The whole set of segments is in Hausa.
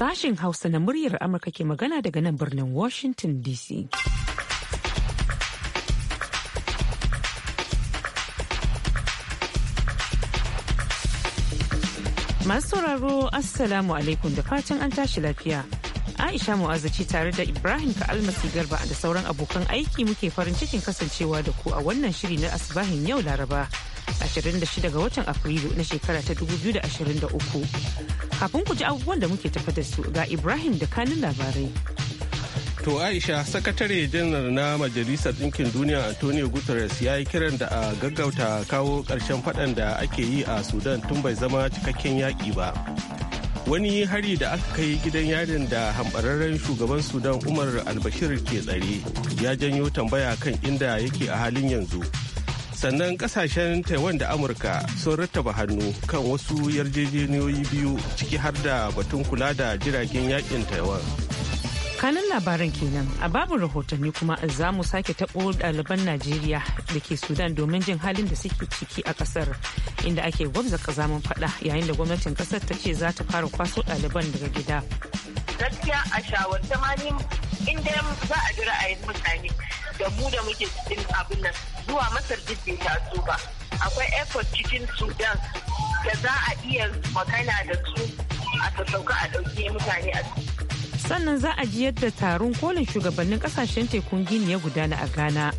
Sashen Hausa na muryar Amurka ke magana daga nan birnin Washington DC. Masu sauraro Assalamu alaikum da fatan an tashi lafiya. Aisha Mu'azu tare da Ibrahim Ka'almasi Garba da sauran abokan aiki muke farin cikin kasancewa da ku a wannan shiri na asibahin yau Laraba. 26 ga watan Afrilu na shekara ta 2023. Kafin ku ji abubuwan da muke tafa da su ga Ibrahim da kanin labarai. To Aisha, sakatare janar na Majalisar Ɗinkin Duniya Antonio Guterres ya yi kiran da a gaggauta kawo ƙarshen faɗan da ake yi a Sudan tun bai zama cikakken yaƙi ba. Wani hari da aka kai gidan yarin da hambararren shugaban Sudan Umar Albashir ke tsare ya janyo tambaya kan inda yake a halin yanzu. sannan kasashen taiwan da amurka sun rattaba hannu kan wasu yarjejeniyoyi biyu ciki har da batun kula da jiragen yakin taiwan kanan labaran kenan a babu rahotanni kuma za mu sake tabo ɗaliban najeriya da ke sudan domin jin halin da suke ciki a kasar inda ake gwabza kazamin fada yayin da gwamnatin kasar ta ce za ta fara kwaso ɗaliban daga gida gaskiya a shawar inda za a ji ra'ayin mutane da mu da muke cikin abin nan zuwa masar duk bai taso ba akwai airport cikin sudan da za a iya magana da su a sassauka a ɗauke mutane a sannan za a ji yadda taron kolin shugabannin kasashen tekun gini ya gudana a ghana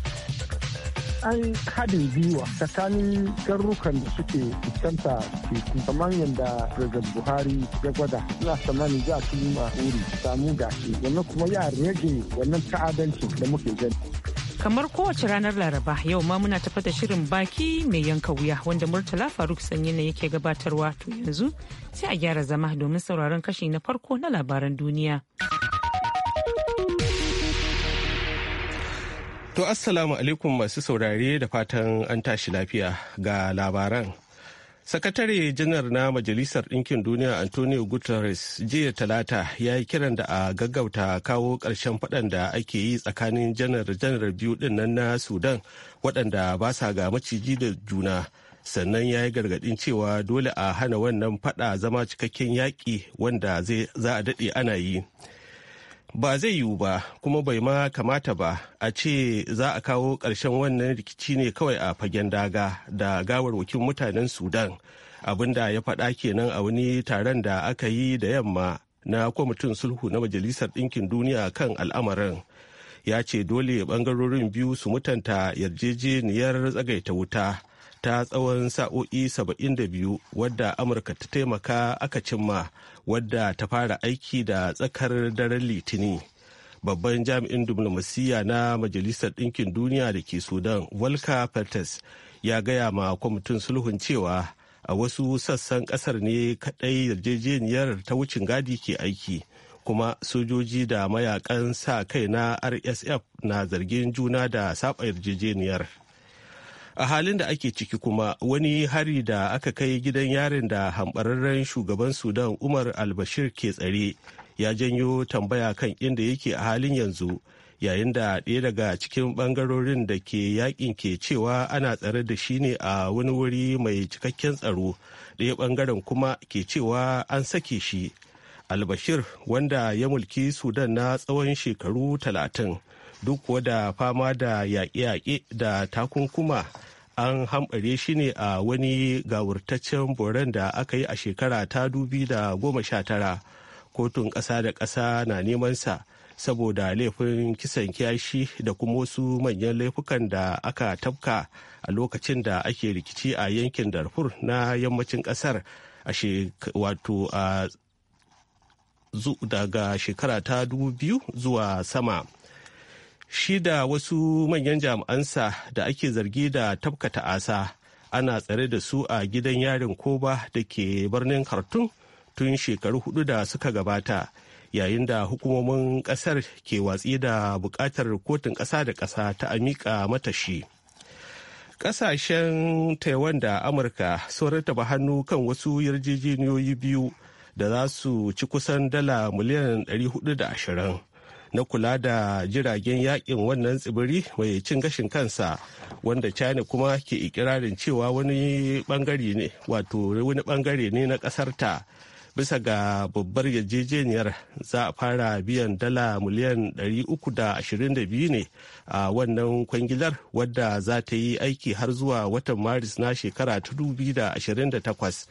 an haɗin gwiwa tsakanin garurukan da suke fuskanta teku kamar yadda President Buhari ya gwada suna samani za su yi ma'uri samu gashi wannan kuma ya rage wannan ta'adancin da muke gani. kamar kowace ranar laraba yau ma muna tafa da shirin baki mai yanka wuya wanda murtala faruk sanyi ne yake gabatarwa to yanzu sai a gyara zama domin sauraron kashi na farko na labaran duniya To assalamu alaikum masu saurare da fatan an tashi lafiya ga labaran. Sakatare janar na Majalisar Ɗinkin Duniya Antonio Guterres jiya talata ya yi kiran da a gaggauta kawo ƙarshen faɗan da ake yi tsakanin janar-janar biyu ɗin nan na Sudan waɗanda ba sa ga maciji da juna. Sannan ya yi gargaɗin cewa dole a hana wannan faɗa zama cikakken yaƙi wanda za a daɗe ana yi. ba zai yiwu ba kuma bai ma kamata ba a ce za a kawo ƙarshen wannan rikici ne kawai a fagen daga da gawarwakin mutanen sudan abinda ya faɗa kenan a wani taron da aka yi da yamma na kwamitin sulhu na majalisar ɗinkin duniya kan al'amarin ya ce dole ɓangarorin biyu su mutanta yarjejeniyar tsagaita wuta ta tsawon sa'o'i 72 wadda amurka ta taimaka aka cimma wadda ta fara aiki da tsakar daren litini babban jami'in diplomasiyya na majalisar ɗinkin duniya da ke sudan walka peters ya gaya ma kwamitin sulhun cewa a wasu sassan ƙasar ne kaɗai yarjejeniyar ta wucin gadi ke aiki kuma sojoji da mayakan sa kai na rsf na zargin juna da saba yarjejeniyar a halin da ake ciki kuma wani hari da aka kai gidan yarin da hambararren shugaban sudan umar albashir ke tsare ya janyo tambaya kan inda yake a halin yanzu yayin da ɗaya daga cikin ɓangarorin da ke yakin ke cewa ana tsare da shi ne a wani wuri mai cikakken tsaro ɗaya ɓangaren kuma ke cewa an sake shi albashir wanda ya mulki sudan na tsawon shekaru talatin duk kuwa da fama da yaƙe-yaƙe da takunkuma an hamɓare shi ne a wani gawurtaccen boran da aka yi a shekara ta dubi da goma sha tara kotun ƙasa da ƙasa na neman sa saboda laifin kisan kiyashi da kuma wasu manyan laifukan da aka tafka a lokacin da ake rikici a yankin darfur na yammacin ƙasar a wato daga shekara ta dubu biyu zuwa sama shi da wasu manyan jami'ansa da ake zargi da tabkata asa ana tsare da su a gidan yarin koba da ke birnin khartoum tun shekaru hudu da suka gabata yayin da hukumomin kasar ke watsi da bukatar kotun kasa da kasa ta amika mata shi kasashen taiwan da amurka sun rattaba hannu kan wasu yarjejeniyoyi biyu da za su ci kusan dala miliyan 420 na kula da jiragen yakin wannan tsibiri mai cin gashin kansa wanda china kuma ke ikirarin cewa wani bangare ne wato wani bangare ne na kasarta? bisa ga babbar yarjejeniyar za a fara biyan dala miliyan 322 ne a wannan kwangilar wadda za ta yi aiki har zuwa watan maris na shekara 2028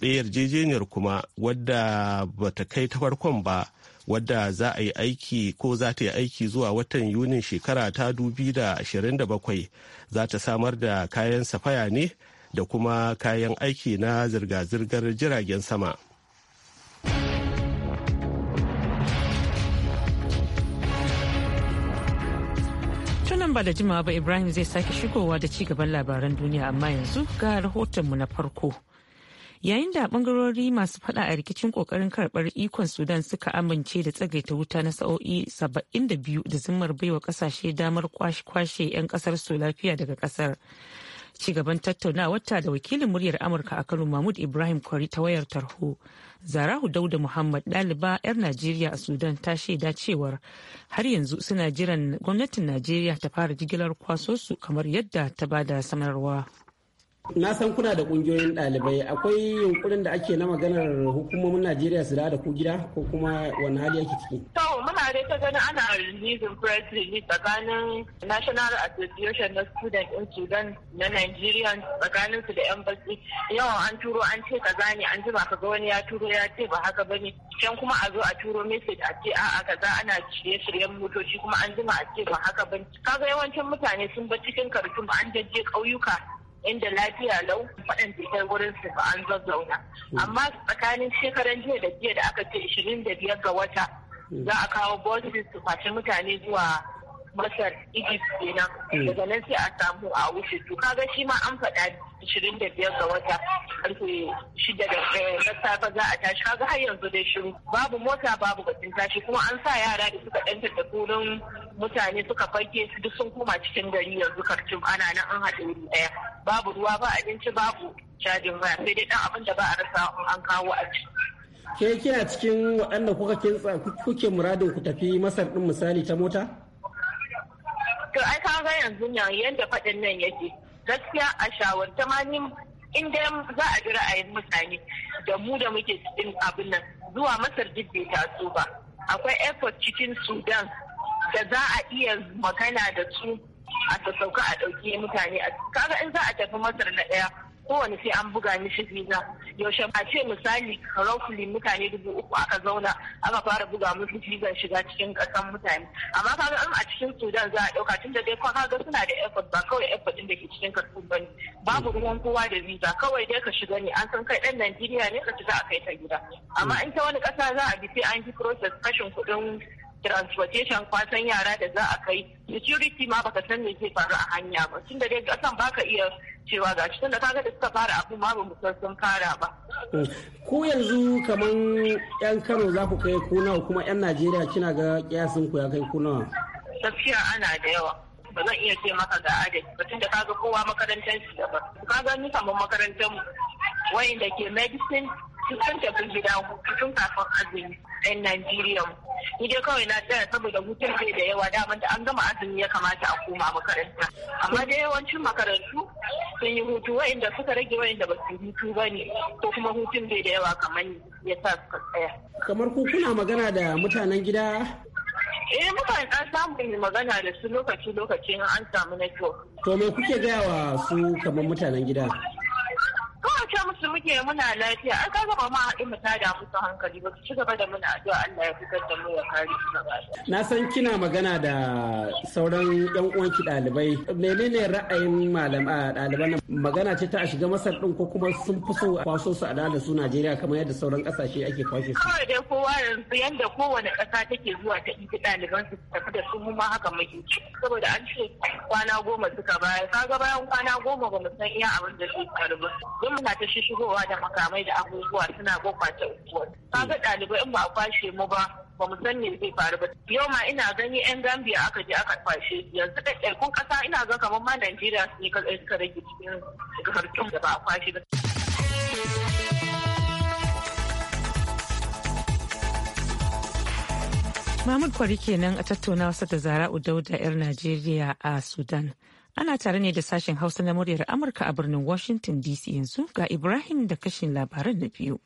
ɗaya yarjejeniyar kuma wadda ba ta kai ta farkon ba wadda za a yi aiki ko za ta yi aiki zuwa watan yunin shekara ta dubi da ashirin da bakwai za ta samar da kayan safaya ne da kuma kayan aiki na zirga-zirgar jiragen sama. Tunan ba da jimawa ba Ibrahim zai sake shigowa da ci gaban labaran duniya amma yanzu ga rahotonmu na farko. yayin da bangarori masu fada a rikicin kokarin karbar ikon sudan suka amince da tsagaita wuta na sa'o'i 72 da zimmar baiwa kasashe damar kwashe 'yan kasar su lafiya daga kasar cigaban tattaunawar ta da wakilin muryar amurka a kano mahmud ibrahim kwari ta wayar tarho zarahu dauda muhammad ɗaliba 'yar najeriya a sudan ta shaida cewar har yanzu suna jiran gwamnatin najeriya ta fara jigilar kwaso su kamar yadda ta bada sanarwa Na san kuna da kungiyoyin ɗalibai akwai yunkurin da ake na maganar hukumomin Najeriya su da ku gida ko kuma wani hali yake ciki? To muna dai ta gani ana releasing press release tsakanin National Association na Student in Sudan na Nigeria tsakanin su da embassy yawan an turo an ce kaza ne an jima kaga wani ya turo ya ce ba haka bane can kuma a zo a turo message a ce a'a kaza ana shirye-shiryen motoci kuma an jima a ce ba haka bane kaga yawancin mutane sun bar cikin karatu an jajje ƙauyuka inda lafiya lau waɗanda kai wurin su ba an zazzauna hmm. amma tsakanin shekaran jiya da jiya da aka ce 25 ga wata hmm. za a kawo bosses su kwace mutane zuwa masar egypt kenan hmm. daga nan sai a samu a wuce to kaga shi ma an faɗa 25 da biyar ga wata karfe shida da eh, na safe za a tashi kaga har yanzu dai shiru babu mota babu batun tashi kuma an sa yara da suka ɗan tattakurin mutane suka fage su duk sun koma cikin gari yanzu karcin ana nan an haɗe wuri ɗaya babu ruwa ba abinci babu cajin waya sai dai ɗan abin da ba a rasa an kawo a ciki ke kina cikin waɗanda kuka kintsa kuke muradin ku tafi masar ɗin misali ta mota? ga yanzu nan yadda faɗin nan yake gaskiya a shawarta ma ni in dai za a ji ra'ayin mutane da mu da muke cikin abin nan zuwa masar duk bai taso ba akwai airport cikin sudan da za a iya magana da su a sassauka a ɗauki mutane a kaga in za a tafi masar na ɗaya kowane sai an buga mishi visa yaushe ba ce misali roughly mutane dubu uku aka zauna aka fara buga musu cizon shiga cikin kasan mutane amma kaga in a cikin sudan za a dauka tun da dai kaga suna da effort ba kawai effort din da ke cikin kasan bane babu ruwan kowa da visa kawai dai ka shiga ne an san kai dan Najeriya ne ka shiga a kai ta gida amma in ta wani kasa za a bi sai an yi process kashin kuɗin transportation kwasan yara da za a kai security ma baka san me zai faru a hanya ba tun da dai kasan baka iya cewa ga shi tunda kaga da suka fara abu ma ba san sun fara ba ku yanzu kaman yan Kano za ku kai ko nawa kuma yan Najeriya kina ga kiyasin ku ya kai ko nawa gaskiya ana da yawa ba zan iya ce maka ga adadi ba da kaga kowa makarantar shi daban kaga ni kamar makarantar mu wayanda ke medicine duk tafi gida tun kafin azumi yan Najeriya ni dai kawai na tsaya saboda hutun bai da yawa daman da an gama azumi ya kamata a koma makaranta amma da yawancin makarantu sun yi hutu wa'inda suka rage wa'inda ba su hutu ba ne ko kuma hutun bai da yawa kamar ya sa suka tsaya kamar ku kuna magana da mutanen gida eh mutane an samu yi magana da su lokaci lokaci an samu network to me kuke gaya wa su kamar mutanen gida kawai ce musu muke muna lafiya an kaga ba ma haɗu mu tada musu hankali ba su ci gaba da muna addu'a Allah ya fitar da mu ya kare su gaba na san kina magana da sauran yan ki ɗalibai menene ra'ayin daliban ɗaliban magana ce ta a shiga masar ɗin ko kuma sun fi so kwaso su a su Najeriya kamar yadda sauran ƙasashe ake kwashe su kawai dai kowa yanzu yanda kowane ƙasa take zuwa ta ɗin ɗaliban su tafi da su mu ma haka muke saboda an ce kwana goma suka baya kaga bayan kwana goma ba mu san iya abin da su ɗaliban muna ta shigowa da makamai da abubuwa suna gurɓata unguwar kaga ɗalibai in ba a kwashe mu ba ba mu san me zai faru ba yau ma ina gani yan gambia aka je aka kwashe yanzu da ɗaiɗaikun ƙasa ina ga kamar ma najeriya su ne kaɗai suka rage cikin harkin da ba a kwashe ba. Mahmud Kwari kenan a tattauna wasu da Zara'u Dauda 'yar Najeriya a Sudan. Ana tare ne da sashen Hausa na muryar Amurka a birnin Washington DC yanzu ga Ibrahim da kashin labaran na biyu.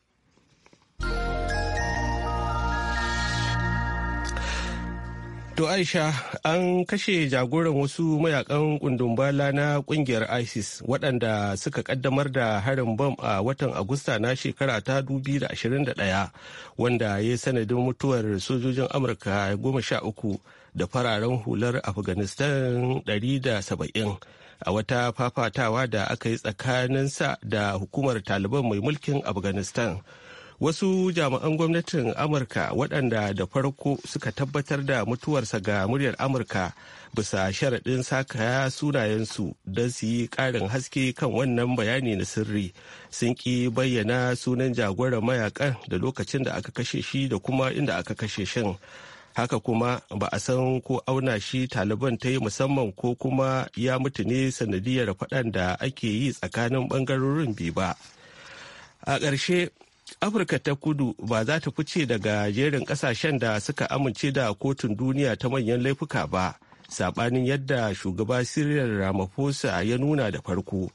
To Aisha an kashe jagoran wasu mayakan kundumbala na kungiyar ISIS waɗanda suka kaddamar da harin bom a watan Agusta na shekara ta 2021 wanda ya sanadin mutuwar sojojin Amurka goma sha uku da fararen hular afghanistan 170 a wata fafatawa da aka yi tsakanin sa da hukumar taliban mai mulkin afghanistan wasu jami'an gwamnatin amurka waɗanda da farko suka tabbatar da mutuwarsa ga muryar amurka bisa sharaɗin sakaya sunayensu don su yi ƙarin haske kan wannan bayani na sirri sun ƙi bayyana sunan jagoran mayakan da lokacin da aka kashe shi da kuma inda aka kashe shin haka kuma ba a san ko auna shi taliban ta yi musamman ko kuma ya mutu ne sanadiyar faɗan da ake yi tsakanin ɓangarorin biyu ba a ƙarshe afirka ta kudu ba za ta fice daga jerin ƙasashen da suka amince da kotun duniya ta manyan laifuka ba saɓanin yadda shugaba siriyar ramaphosa ya nuna da farko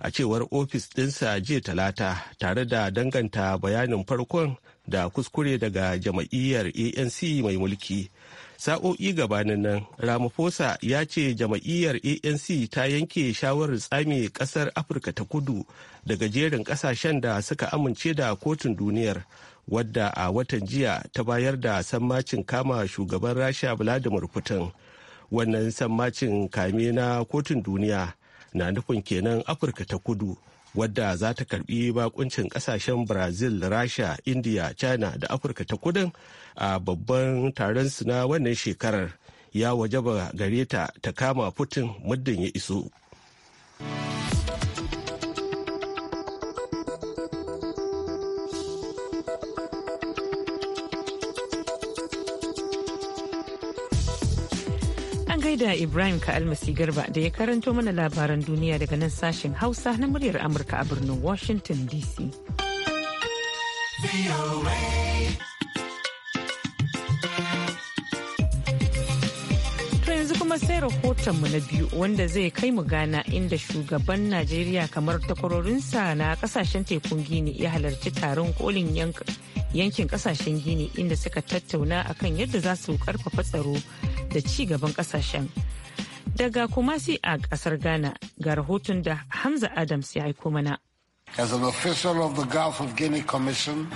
a cewar ofis dinsa jiya talata tare da danganta bayanin farkon da kuskure daga jama'iyyar anc mai mulki sa'o'i gabanin nan ramaphosa ya ce jama'iyyar anc ta yanke shawarar tsame kasar afirka ta kudu daga jerin kasashen da suka amince da kotun duniyar wadda a watan jiya ta bayar da sammacin kama shugaban rasha vladimir putin wannan sammacin kame na kotun duniya na nufin kenan afirka ta kudu wadda za ta karbi bakuncin kasashen brazil rasha india china da afirka ta kudin a babban taron na wannan shekarar ya wajaba gare ta ta kama putin muddin ya iso. An gaida Ibrahim Ka'almasi Garba da ya karanto mana labaran duniya daga nan sashen Hausa na muryar Amurka a birnin Washington DC. To yanzu kuma sai rahotonmu na biyu wanda zai kai mu gana inda shugaban Najeriya kamar takwarorinsa na kasashen tekun gini ya halarci taron kolin yankin kasashen gini inda suka tattauna akan yadda za su karfafa tsaro da ci gaban kasashen. Daga Kumasi a kasar Ghana ga rahoton da Hamza Adams ya aiko mana. As an official of the Gulf of Guinea Commission,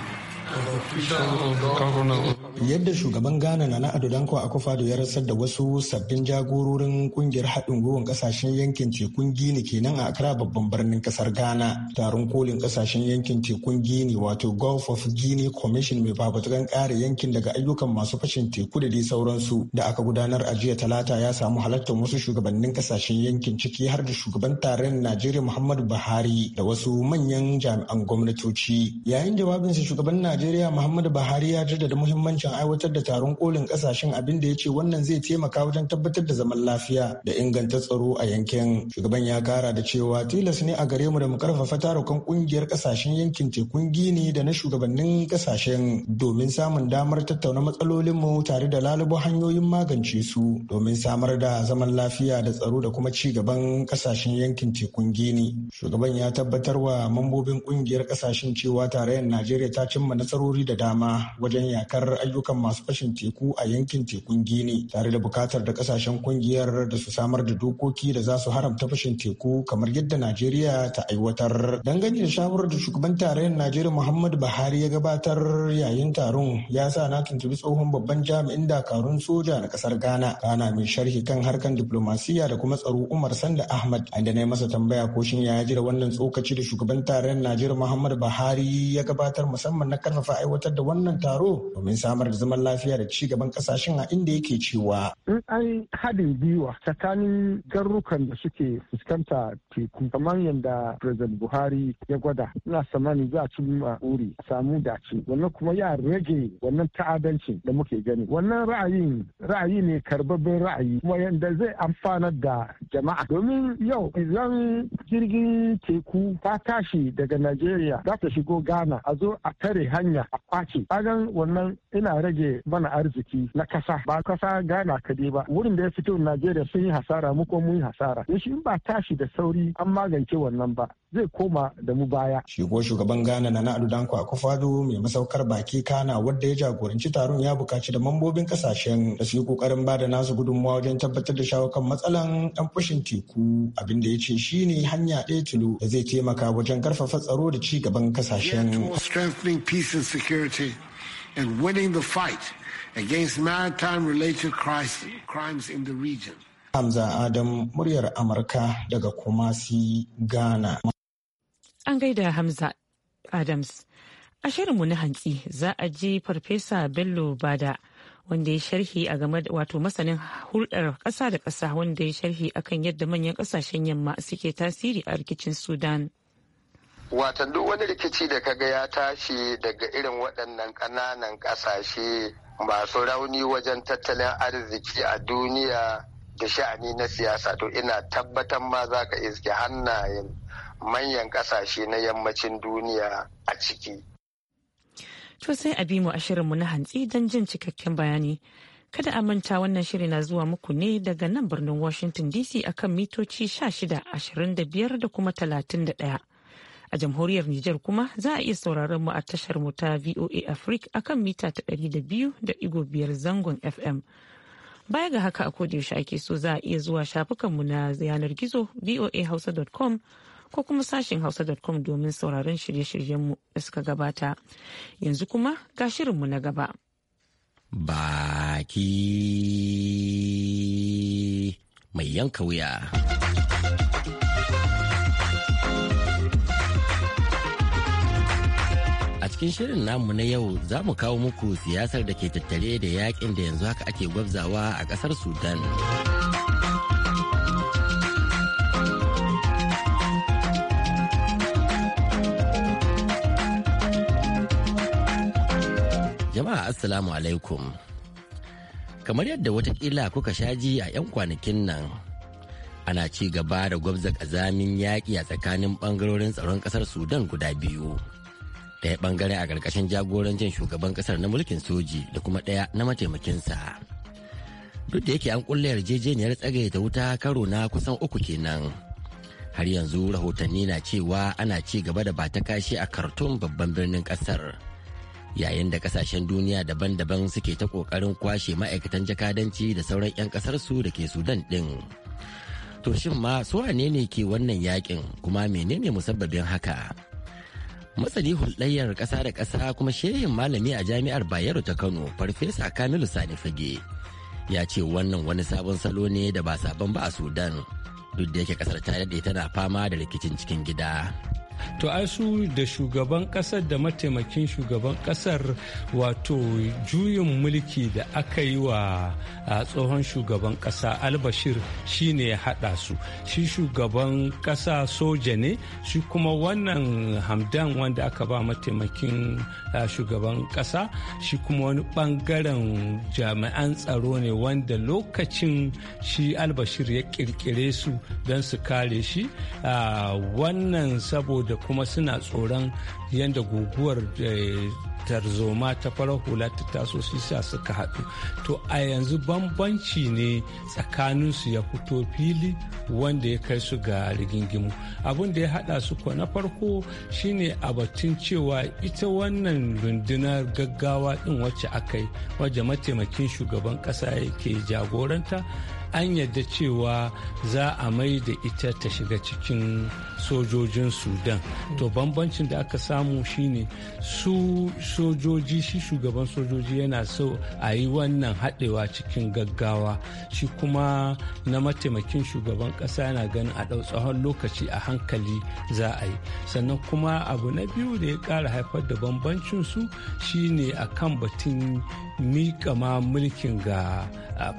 Yadda shugaban Ghana Nana Ado Danko ya rasar da wasu sabbin jagororin kungiyar haɗin gwiwan ƙasashen yankin tekun Gini kenan a akara babban birnin ƙasar Ghana. Taron kolin ƙasashen yankin tekun Gini wato Gulf of Guinea Commission mai fafatukan kare yankin daga ayyukan masu fashin teku da dai sauransu da aka gudanar a jiya talata ya samu halartar wasu shugabannin ƙasashen yankin ciki har da shugaban taron Najeriya Muhammadu Buhari da wasu manyan jami'an gwamnatoci. Yayin jawabinsa shugaban Najeriya Najeriya Muhammadu Buhari ya jaddada muhimmancin aiwatar da taron kolin kasashen abin da ya ce wannan zai taimaka wajen tabbatar da zaman lafiya da inganta tsaro a yankin. Shugaban ya kara da cewa tilas ne a gare mu da mu karfafa tarukan kungiyar kasashen yankin tekun Gini da na shugabannin kasashen domin samun damar tattauna matsalolin mu tare da lalubo hanyoyin magance su domin samar da zaman lafiya da tsaro da kuma ci gaban kasashen yankin tekun Gini. Shugaban ya tabbatar wa mambobin kungiyar kasashen cewa tarayyar Najeriya ta cimma na. nasarori da dama wajen yakar ayyukan masu fashin teku a yankin tekun gini tare da bukatar da kasashen kungiyar da su samar da dokoki da za su haramta fashin teku kamar yadda najeriya ta aiwatar dangane da shawarar da shugaban tarayyar najeriya muhammadu buhari ya gabatar yayin taron ya sa na tuntubi tsohon babban jami'in dakarun soja na kasar ghana kana mai sharhi kan harkan diplomasiya da kuma tsaro umar sanda ahmad inda na yi masa tambaya ko shin ya da wannan tsokaci da shugaban tarayyar najeriya muhammadu buhari ya gabatar musamman na karfafa kafa aiwatar da wannan taro domin samar da zaman lafiya da ci gaban kasashen a inda yake cewa. In an haɗin gwiwa tsakanin garrukan da suke fuskanta teku kamar yadda President Buhari ya gwada ina samani za a ci uri samu dace wannan kuma ya rage wannan ta'adancin da muke gani wannan ra'ayin ra'ayi ne karbabben ra'ayi kuma yadda zai amfana da jama'a domin yau idan jirgin teku ta tashi daga Najeriya za ta shigo Ghana a zo a tare hanya hanya a kwace kagan wannan ina rage mana arziki na kasa ba kasa gana kadai ba wurin da ya fito najeriya sun yi hasara mu mun yi hasara yashi in ba tashi da sauri an magance wannan ba zai koma da mu baya shi ko shugaban ghana na na adudanku akufado mai masaukar baki kana wadda ya jagoranci taron ya bukaci da mambobin kasashen da su yi kokarin ba da nasu gudunmawa wajen tabbatar da shawo kan matsalan dan fushin teku abinda ya ce shine hanya ɗaya tilo da zai taimaka wajen karfafa tsaro da ci gaban kasashen. and security and winning the fight against maritime related crimes in the region. Hamza Adam muryar Amurka daga Kumasi, Ghana. An gaida Hamza Adams. A shirinmu na hantsi za a ji Farfesa Bello Bada wanda ya sharhi a game da wato masanin hulɗar ƙasa da ƙasa wanda ya sharhi akan yadda manyan ƙasashen yamma suke tasiri a rikicin Sudan. watan duk wani rikici da kaga ya tashi daga irin waɗannan ƙananan ƙasashe masu rauni wajen tattalin arziki a duniya da sha'ani na siyasa to ina tabbatar ma za ka iske hannayen manyan ƙasashe na yammacin duniya a ciki. To sai a bi mu a shirinmu na hantsi don jin cikakken bayani. Kada a manta wannan shiri na zuwa muku ne daga nan birnin Washington DC akan mitoci shida 25 da kuma 31. A jamhuriyar Nijar kuma za a iya sauraron mu a tashar mu ta VOA Africa akan mita ta ɗari da da biyu biyar zangon FM. Baya ga haka a yaushe ake so za a iya zuwa shafukanmu na yanar gizo voahausa.com ko kuma sashen hausa.com domin sauraron shirye-shiryenmu da suka gabata. Yanzu kuma ga shirinmu na gaba. Baki mai yanka wuya. cikin shirin namu na yau za mu kawo muku siyasar da ke tattare da yakin da yanzu haka ake gwabzawa a kasar sudan jama'a assalamu alaikum kamar yadda watakila kuka shaji a 'yan kwanakin nan ana ci gaba da gwabza kazamin yaƙi a tsakanin ɓangarorin tsaron ƙasar sudan guda biyu daya bangare a ƙarƙashin jagorancin shugaban ƙasar na mulkin soji da kuma ɗaya na mataimakinsa duk da yake an kulle yarjejeniyar tsagaita wuta karo na kusan uku kenan har yanzu rahotanni na cewa ana ci gaba da bata kashi a khartoum babban birnin ƙasar yayin da ƙasashen duniya daban-daban suke ta ƙoƙarin kwashe ma'aikatan jakadanci da sauran 'yan ƙasarsu da ke sudan ɗin to shin ma su ne ke wannan yakin kuma menene musabbabin haka masani hulɗayyar ƙasa da ƙasa kuma shehin malami a jami'ar bayero ta kano farfesa kamilu sani fage ya ce wannan wani sabon salo ne da ba sabon ba a sudan duk da yake ƙasar ta daɗe tana fama da rikicin cikin gida to ai su da shugaban kasar da mataimakin shugaban kasar wato juyin mulki da aka yi wa tsohon shugaban kasa albashir shine ya haɗa su shi shugaban kasa soja ne shi kuma wannan hamdan wanda aka ba mataimakin shugaban kasa shi kuma wani bangaren jami'an tsaro ne wanda lokacin shi albashir ya kirkire su don su kare shi wannan saboda da kuma suna tsoron yadda guguwar eh, tarzoma ta farar hula ta taso su sa suka haɗu to a yanzu bambanci ne tsakaninsu ya fito fili wanda ya kai su ga rigingimu abin da ya haɗa su ko na farko shine a batun cewa ita wannan rundunar gaggawa ɗin wacce aka yi wajen mataimakin shugaban ƙasa yake jagoranta an yadda cewa za a mai da ita ta shiga cikin sojojin sudan to bambancin da aka samu shine su sojoji shi shugaban sojoji yana so a yi wannan haɗewa cikin gaggawa shi kuma na mataimakin shugaban ƙasa yana ganin a ɗau tsawon lokaci a hankali za a yi sannan kuma abu na biyu da ya ƙara haifar da bambancin su shine kan batun miƙa ma mulkin ga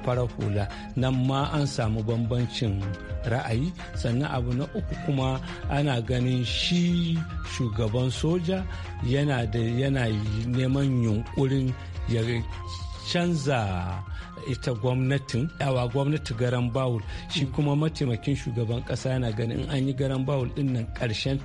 farar hula nan amma an samu bambancin ra'ayi sannan abu na uku kuma ana ganin shi shugaban soja yana da yana neman yunkurin ya canza ita gwamnatin yawa gwamnati garan bawul shi mm. kuma mataimakin shugaban kasa yana ganin an yi garan bawul din nan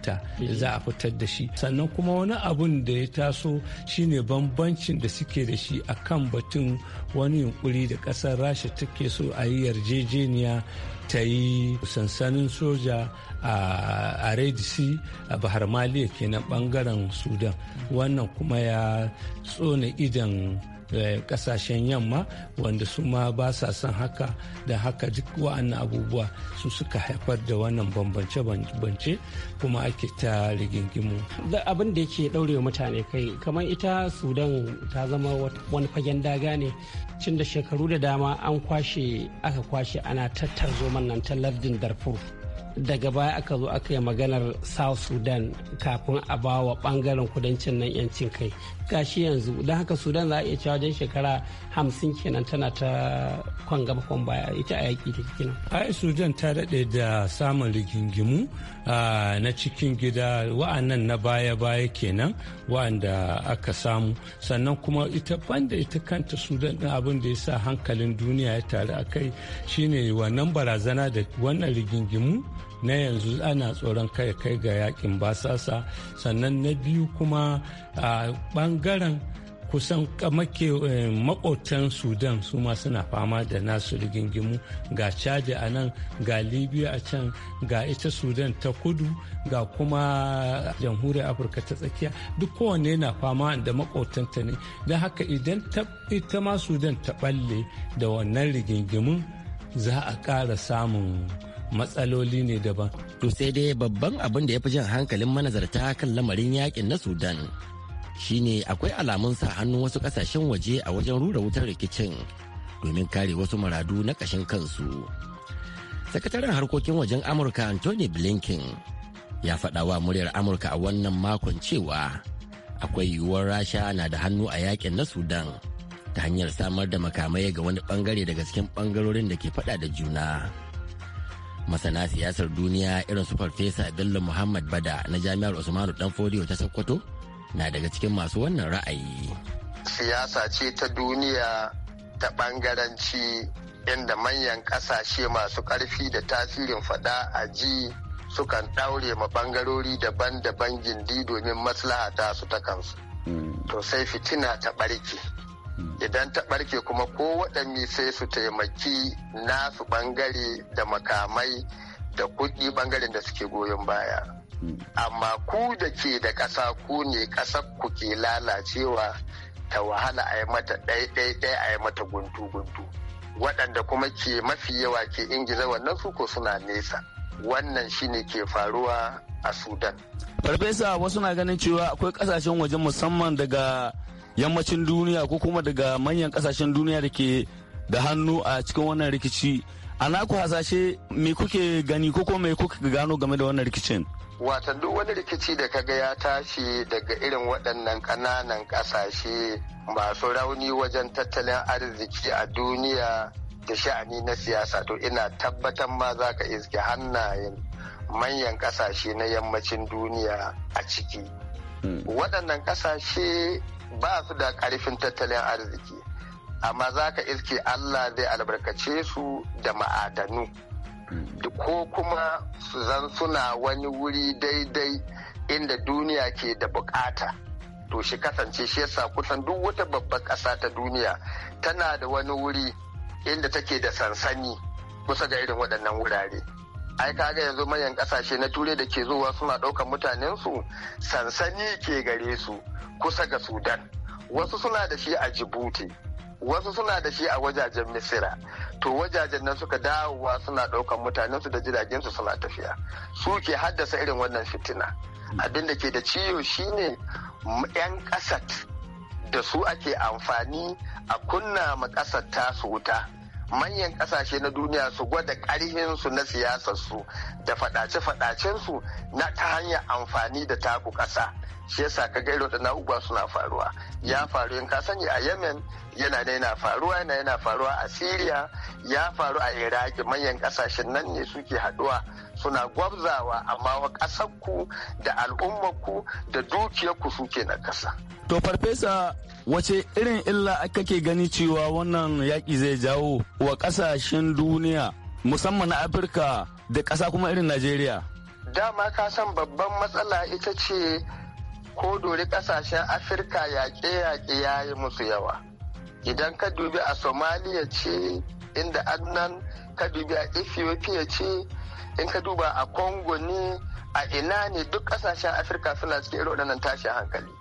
ta eh. za a fitar da shi sannan kuma wani abun da ya taso shine bambancin da suke da shi a kan batun wani yunkuri da kasar rasha take so a yi yarjejeniya ta yi sansanin soja a red sea a bahar maliya kenan bangaren sudan mm. wannan kuma ya tsona idan Eh, kasashen yamma wanda su ma ba sa son haka da haka duk wa'annan abubuwa su suka haifar da wannan bambance-bambance kuma ake ta rigingimu abin da yake wa mutane kai kamar ita sudan ta zama wani fagen daga ne cin da shekaru da dama an kwashe aka kwashe ana tattar zoman nan ta lardin darfur daga baya aka zo aka yi maganar south sudan kafin a ba wa bangaren kudancin nan yancin kai gashi yanzu don haka sudan za a iya cewa wajen shekara hamsin kenan tana ta kwan gaba kwan baya ita a yaƙi ta kenan. ai sudan ta daɗe da samun rigingimu na cikin gida wa'annan na baya-baya kenan wa'anda aka samu sannan kuma ita banda ita kanta sudan ɗin abin da ya sa hankalin duniya ya taru a kai shine wannan barazana da wannan rigingimu na yanzu ana tsoron kai kai ga yakin basasa sannan na biyu kuma a bangaren kusan makotan eh, sudan su ma suna fama da nasu rigingimu ga chadi a nan ga libya a can ga ita sudan ta kudu ga kuma jamhuriyar afirka ta tsakiya duk kowane na fama da makotanta ne don haka idan ita ma sudan ta balle da wannan rigingimun za a ƙara samun matsaloli ne daban. To sai dai babban abin da ya fi jan hankalin manazarta kan lamarin yakin na Sudan shine akwai alamun sa hannun wasu kasashen waje a wajen rura wutar rikicin domin kare wasu maradu na kashin kansu. Sakataren harkokin wajen Amurka Anthony Blinken ya faɗa wa muryar Amurka a wannan makon cewa akwai yiwuwar Rasha na da hannu a yakin na Sudan ta hanyar samar da makamai ga wani bangare daga cikin bangarorin da ke faɗa da juna. masana siyasar duniya irin su farfesa bello muhammad bada na jami'ar usmanu danfodiyo ta sokoto na daga cikin masu wannan ra'ayi siyasa ce ta duniya ta bangaranci inda manyan kasashe masu karfi da tasirin fada a ji sukan ɗaure ma bangarori daban-daban gindi domin maslaha ta su ta kansu mm. to sai fitina ta ɓarke idan ta barke kuma ko waɗanne sai su taimaki nasu ɓangare da makamai da kuɗi bangaren da suke goyon baya. amma ku da ke da ƙasa ku ne ƙasar ku ke lalacewa ta wahala a yi mata ɗaiɗaiɗai a yi mata guntu-guntu waɗanda kuma ke mafi yawa ke ingiza wannan su ko suna nesa wannan shine ke faruwa a sudan farfesa wasu na ganin cewa akwai ƙasashen waje musamman daga yammacin duniya ko kuma daga manyan kasashen duniya da ke da hannu a cikin wannan rikici a naku hasashe me kuke gani ko kuma me kuka gano game da wannan rikicin watan duk wani rikici da kaga ya tashi daga irin waɗannan ƙananan ƙasashe masu rauni wajen tattalin arziki a duniya da sha'ani na siyasa to ina tabbatar ma za ka iske hannayen manyan ƙasashe na yammacin duniya a ciki hmm. waɗannan ƙasashe ba su da karfin tattalin arziki amma za ka iske allah zai albarkace su da ma'adanu ko kuma su zan suna wani wuri daidai inda duniya ke da bukata to shi kasance shi yasa kusan duk wata babbar ƙasa ta duniya tana da wani wuri inda take da sansani kusa ga irin waɗannan wurare. ai kaga yanzu manyan kasashe na turai da ke zuwa suna ɗaukar su sansani ke gare su kusa ga sudan wasu suna da shi a jibuti wasu suna da shi a wajajen misira to wajajen nan suka dawowa suna ɗaukar su da jiragen su suna tafiya su ke haddasa irin wannan fitina abin da ke da ciwo shine 'yan ƙasat da su ake amfani a kunna ma ƙasar tasu wuta manyan kasashe na duniya su gwada ƙarfinsu na siyasarsu da faɗace-faɗacensu na ta hanyar amfani da taku ƙasa shi yasa ka ga irin abubuwa suna faruwa ya faru in ka sani a yemen yana da yana faruwa yana yana faruwa a syria ya faru a iraq manyan ƙasashen nan ne suke haduwa suna gwabzawa amma wa ku da al'ummarku da dukiyarku suke na ƙasa. to farfesa wace irin illa aka ke gani cewa wannan yaki zai jawo wa ƙasashen duniya musamman na afirka da ƙasa kuma irin najeriya dama ka san babban matsala ita ce ko dori kasashen afirka yaƙe-yaƙe ya yi musu yawa idan ka dubi a somaliya ce inda adnan ka dubi a ethiopia ce in ka duba a congo ne a ina ne duk kasashen afirka suna cikin irin waɗannan tashin hankali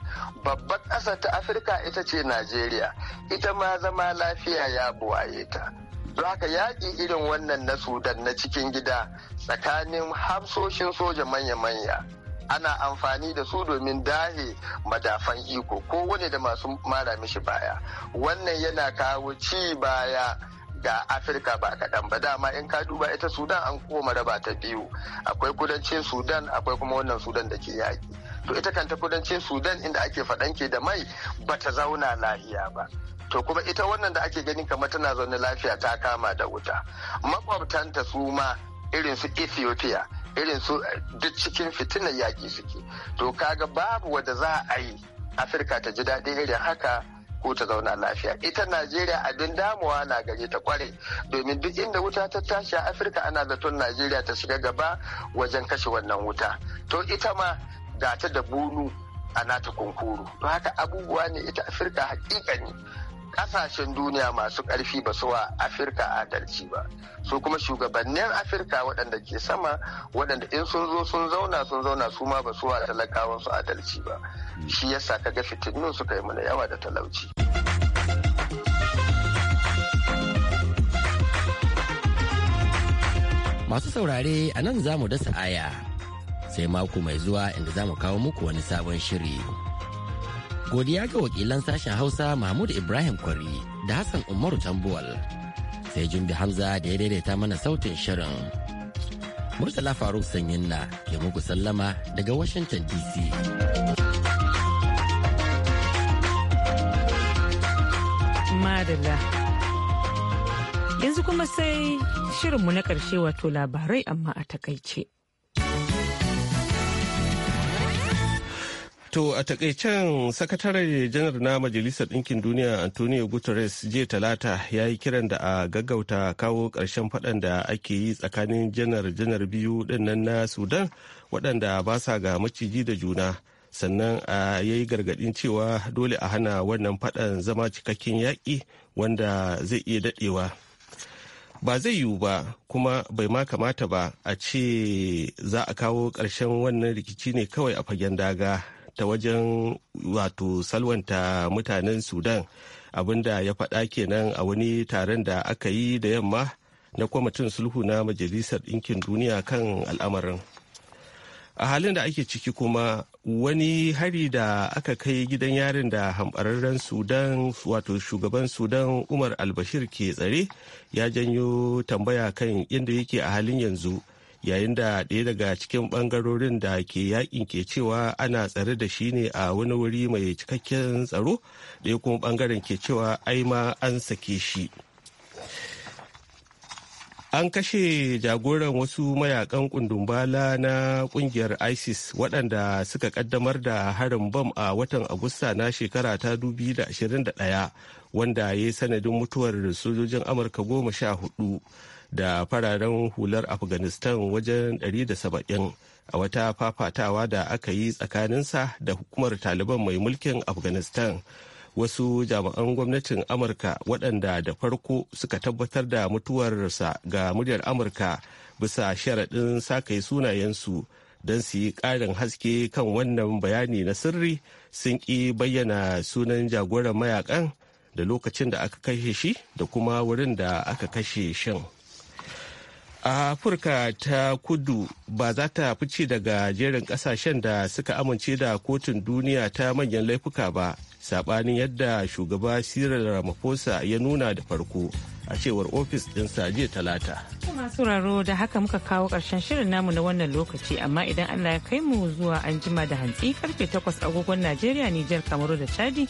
babbar ƙasa ta afirka ita ce najeriya ita ma zama lafiya ya buwaye ta don haka yaƙi irin wannan na sudan na cikin gida tsakanin hamsoshin soja manya-manya ana amfani da su domin dahe madafan iko ko wani da masu mara mishi baya wannan yana kawo ci baya ga afirka ba kaɗan ba dama in ka duba ita sudan an koma raba ta biyu akwai kudancin sudan akwai kuma wannan sudan da ke yaƙi to ita kanta kudancin sudan inda ake faɗanke da mai ba ta zauna lahiya ba to kuma ita wannan da ake gani kamar tana zaune lafiya ta kama da wuta makwabtanta su ma irin su ethiopia irin su eh, duk cikin fitinar yaƙi suke to kaga babu wanda za a yi afirka ta ji daɗin irin haka ko ta zauna lafiya ita najeriya abin damuwa na gare ta kware domin duk inda wuta ta tashi a afirka ana zaton najeriya ta shiga gaba wajen kashe wannan wuta to ita ma ga ta da bunu a nata kunkuru to haka abubuwa ne ita afirka hakika ne kasashen duniya masu ƙarfi ba su wa afirka adalci ba su kuma shugabannin afirka waɗanda ke sama waɗanda in sun zo sun zauna sun zauna su ma ba su wa talakawan su adalci ba shi yasa ka ga fitinun suka yi mana yawa da talauci masu saurare a nan za dasa aya sai mako mai zuwa inda zamu kawo muku wani sabon shiri. godiya ga wakilan sashen hausa mahmud ibrahim kwari da hassan umaru tambuwal sai jumbi hamza da ya daidaita mana sautin shirin murtala faruk sanyin na ke muku sallama daga washington dc yanzu kuma sai shirinmu na ƙarshe wato labarai amma a takaice. To a takaicen sakatare janar na Majalisar Ɗinkin Duniya Antonio Guterres jiya talata ya yi kiran da a gaggauta kawo ƙarshen faɗan da ake yi tsakanin janar-janar biyu ɗinnan na Sudan waɗanda ba sa ga maciji da juna. Sannan a ya yi gargaɗin cewa dole a hana wannan faɗan zama cikakken yaƙi wanda zai iya daɗewa. ba zai yiwu ba kuma bai ma kamata ba a ce za a kawo ƙarshen wannan rikici ne kawai a fagen daga ta wajen wato salwanta mutanen sudan abinda ya faɗa kenan a wani taron da aka yi da yamma na kwamitin sulhu na majalisar ɗinkin duniya kan al'amarin a halin da ake ciki kuma wani hari da aka kai gidan yarin da hambararren sudan wato shugaban sudan umar albashir ke tsare ya janyo tambaya kan inda yake a halin yanzu yayin da ɗaya daga cikin bangarorin da ke yakin ke cewa ana tsare da shi ne a wani wuri mai cikakken tsaro ɗaya kuma bangaren ke cewa ai ma an sake shi an kashe jagoran wasu mayakan kundumbala na kungiyar isis waɗanda suka kaddamar da harin bam a watan agusta na shekara ta 2021 wanda ya yi sanadin mutuwar sojojin amurka goma sha hudu da fararen hular afghanistan wajen 170 a wata fafatawa da aka yi tsakaninsa da hukumar taliban mai mulkin afghanistan wasu jami'an gwamnatin amurka waɗanda da farko suka tabbatar da mutuwarsa ga muryar amurka bisa sharaɗin sakai sunayensu don su yi ƙarin haske kan wannan bayani na sirri sun ƙi bayyana sunan jagoran mayakan da lokacin da aka kashe shi da kuma wurin da aka kashe shin. a afirka ta kudu ba za ta fice daga jerin kasashen da suka amince da kotun duniya ta manyan laifuka ba sabanin yadda shugaba cyril ramaphosa ya nuna da farko a cewar ofis din jiya talata masu raro da haka muka kawo karshen shirin namu na wannan lokaci amma idan allah ya kai mu zuwa anjima da hantsi karfe 8 agogon najeriya nijar kamaru da chadi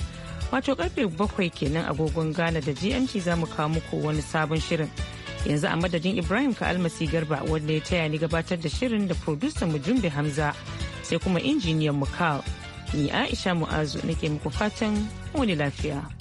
wato karfe 7 kenan agogon ghana da gmt za mu kawo muku wani sabon shirin yanzu a madadin ibrahim ka almasi garba wanda ya taya ni gabatar da shirin da producer mu jumbe hamza sai kuma injiniyan mu kal ni aisha mu'azu nake muku fatan wani lafiya